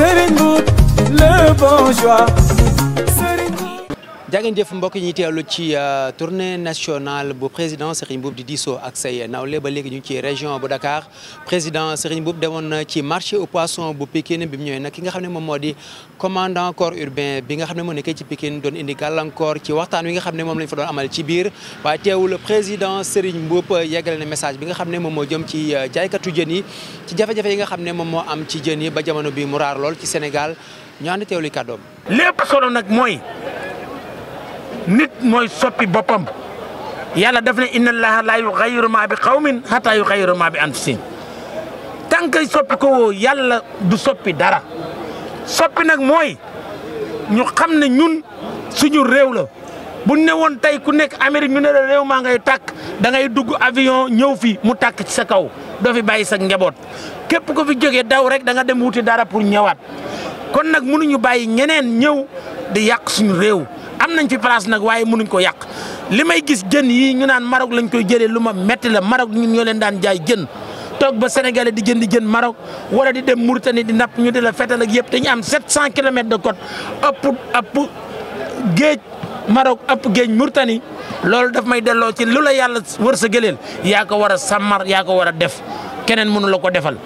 Serigne Mboup le bourgeois jàngeen jëf mbokk ñi teewlu ci euh, tournée nationale bu président Serigne Mboup di diisoo ak say nawle ba léegi ñu ci région bu Dakar président Serigne Mboup demoon na ci marché au poisson bu Pikine bi mu ñëwee na ki nga xam ne moom moo di commandant corps urbain bi nga xam ne moo nekkee ci Pikine doon indi gàllankoor ci waxtaan wi nga xam ne moom la fa doon amal ci biir waaye teewul président Serigne Mboup euh, yeggale na message bi nga xam ne moom moo jëm ci euh, jaaykatu jën yi ci jafe yi nga xam ne moom moo am ci jën yi ba jamono bi mu raar lool ci Sénégal ñu ànd teewlu kàddoom nag mooy nit mooy soppi boppam yàlla def na inna allaha la yughayyiru ma bi qawmin hatta yughayyiru ma bi anfusihim tant que soppi ko woo yàlla du soppi dara soppi nag mooy ñu xam ne ñun suñu réew la buñ ne woon tey ku nekk Amérique ñu ne la réew maa ngay tàkk dangay dugg avion ñëw fi mu tàkk ci sa kaw doo fi bàyyi sa ngeboot képp ko fi jógee daw rek danga dem wuti dara pour ñëwaat kon nag mënuñu bàyyi ñeneen ñëw di yàq suñu réew am nañ fi place nag waaye mënuñ ko yàq li may gis jën yi ñu naan Maroc lañ koy jëlee lu ma metti la Maroc ñun ñoo leen daan jaay jën toog ba sénégalais di jën di jën Maroc wala di dem Mauritanie di napp ñu di la fetal ak yëpp dañu am 700 kilomètres de côte ëpp ëpp géej Maroc ëpp géej murtani loolu daf may delloo ci lu la yàlla wër sa gëleel yaa ko war a sàmmar yaa ko war a def keneen mënu la ko defal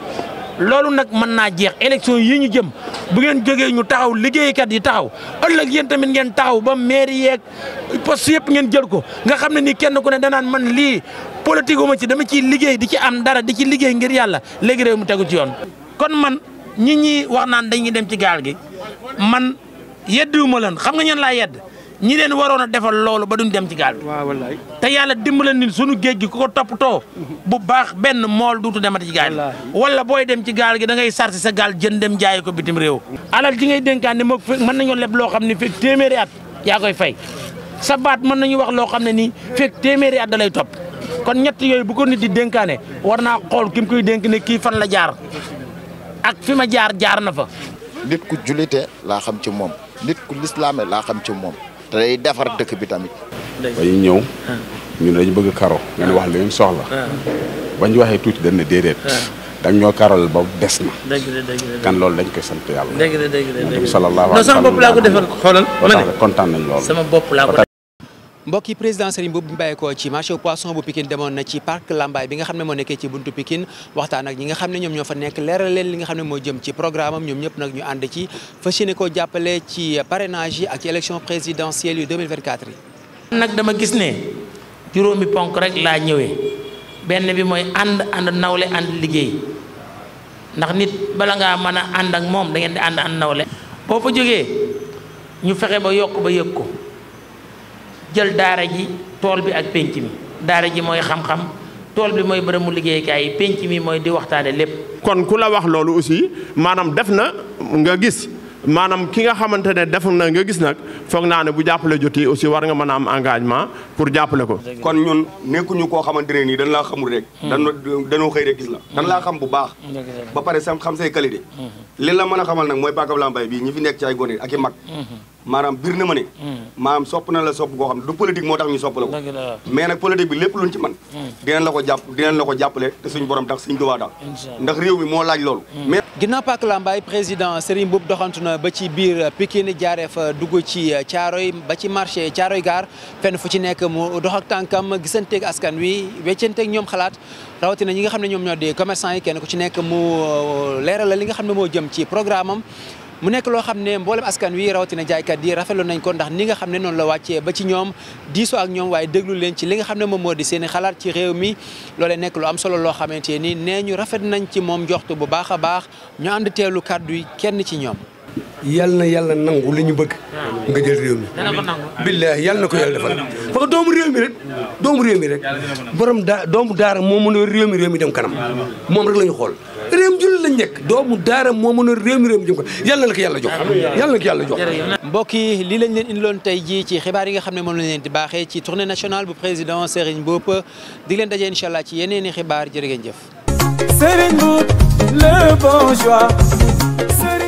loolu nag mën naa jeex élection yi ñu jëm bu ngeen jógee ñu taxaw liggéeykat yi taxaw ëllëg yéen tamit ngeen taxaw ba mairie yeeg poste yëpp ngeen jël ko nga xam ne ni kenn ku ne danaan man lii politique wu ma ci dama ciy liggéey di ci am dara di ci liggéey ngir yàlla léegi mu tegu ci yoon. kon man ñi ñi wax naan dañuy dem ci gaal gi man yeddiwuma leen xam nga ñeen laa yedd. ñi leen waroon a defal loolu ba duñ dem ci gaal bi. waaw te yàlla dimbale nit sunu géej gi ko ko toppatoo. bu baax benn mool duutu demati ci gaal gi. wala booy dem ci gaal gi da ngay sarti sa gaal jën dem jaayi ko bitim réew. alal ji ngay dénkaan ne moom fekk mën nañoo leb loo xam ne fekk téeméeri at yaa koy fay sa baat mën nañu wax loo xam ne nii fekk téeméeri at da lay topp kon ñetti yooyu bu ko nit di dénkaane war naa xool ki mu koy dénk ne kii fan la jaar ak fi ma jaar jaar na fa. nit ku laa xam ci moom nit ku lislaame laa xam ci moom. te day defar dëkk bi tamit. day ñëw. Ah. ñu ne dañu bëgg karo nga ne wax li ngeen soxla. Ah. bañ ñu waxee tuuti dañ ne déedéet. Ah. dang ñoo karal ba des na. dëgg la dëgg la kan loolu dañ koy sant yàlla. dëgg la sama bopp laa ko defal xoolal. ma kontaan nañ sama bopp laa ko. mbokk yi président Serigne Mboup bi bàyyeekoo ci marché poisson bu Pikine demoon na ci parc Lambaye bi nga xam ne moo nekkee ci buntu Pikine waxtaan ak ñi nga xam ne ñoom ñoo fa nekk leeral leen li nga xam ne moo jëm ci programme am ñoom ñëpp nag ñu ànd ci fas yéene koo jàppale ci parrainage yi ak ci élection présidentielle yu 2024 yi nag dama gis ne juróomi ponk rek laa ñëwee benn bi mooy ànd ànd nawle ànd liggéey ndax nit bala ngaa mën a ànd ak moom da ngeen di ànd ànd nawle boo fa jógee ñu fexe ba yokk ba yëg ko jël daara ji tool bi ak pénc mi daara ji mooy xam-xam tool bi mooy bërëmu liggéeykaay yi pénc mi mooy di waxtaane lépp kon ku la wax loolu aussi maanaam def na nga gis maanaam ki nga xamante ne def na nga gis nag foog naa ne bu jàppale jotee aussi war nga mën a am engagement pour jàppale ko. kon ñun nekkuñu koo xamante ne nii dañ laa xamul rek. Hmm. dañoo dañoo xëy rek gis la. dañ laa xam bu baax. Hmm. ba pare sam xam say qualité. Hmm. li la mën a xamal nag mooy Pakab Lambaye bii ñi fi nekk ci gone ak i mag. maanaam biir na ma ne. maanaam sopp na la sopp koo xam ne du politique moo tax ñu sopp la ko. mais nag politique bi lépp luñ ci man dinañ jàppale te borom tax suñu moo laaj loolu. ginnaaw Pàcc Lambaay président Serigne Mboup doxantu na ba ci biir Pikine jaaree fa dugg ci Caaroy ba ci marché Caaroy gaar fenn fu ci nekk mu dox ak tànkam gisanteeg askan wi weccanteeg ñoom xalaat rawatina ñi nga xam ne ñoom ñoo di commerçant yi kenn ku ci nekk mu leeral li nga xam ne moo jëm ci programme am mu nekk loo xam ne mboolem askan wi rawatina jaaykat yi rafetlu nañ ko ndax ni nga xam ne noonu la wàccee ba ci ñoom diisoo ak ñoom waaye déglu leen ci li nga xam ne moom moo di seen i ci réew mi loolee nekk lu am solo loo xamante ni nee ñu rafet nañ ci moom joxtu bu baax a baax ñu teelu kàddu yi kenn ci ñoom yàlla na yàlla nangu li ñu bëgg nga mi na ko yàlla doomu réew mi doomu réew mi rek borom daa doomu daara moo mën a réew réew mi dem kanam moom rek la ñu xool lañ nekk doomu daara moo mën a réew mi réew mi jëm ko jox yàlla la ko yàlla jox mbokk yi ci xibaar yi nga xam ne moom lañ leen di ci tournée nationale bu président Serigne Mboup di leen daje incha ci yeneen i xibaar jërë ngeen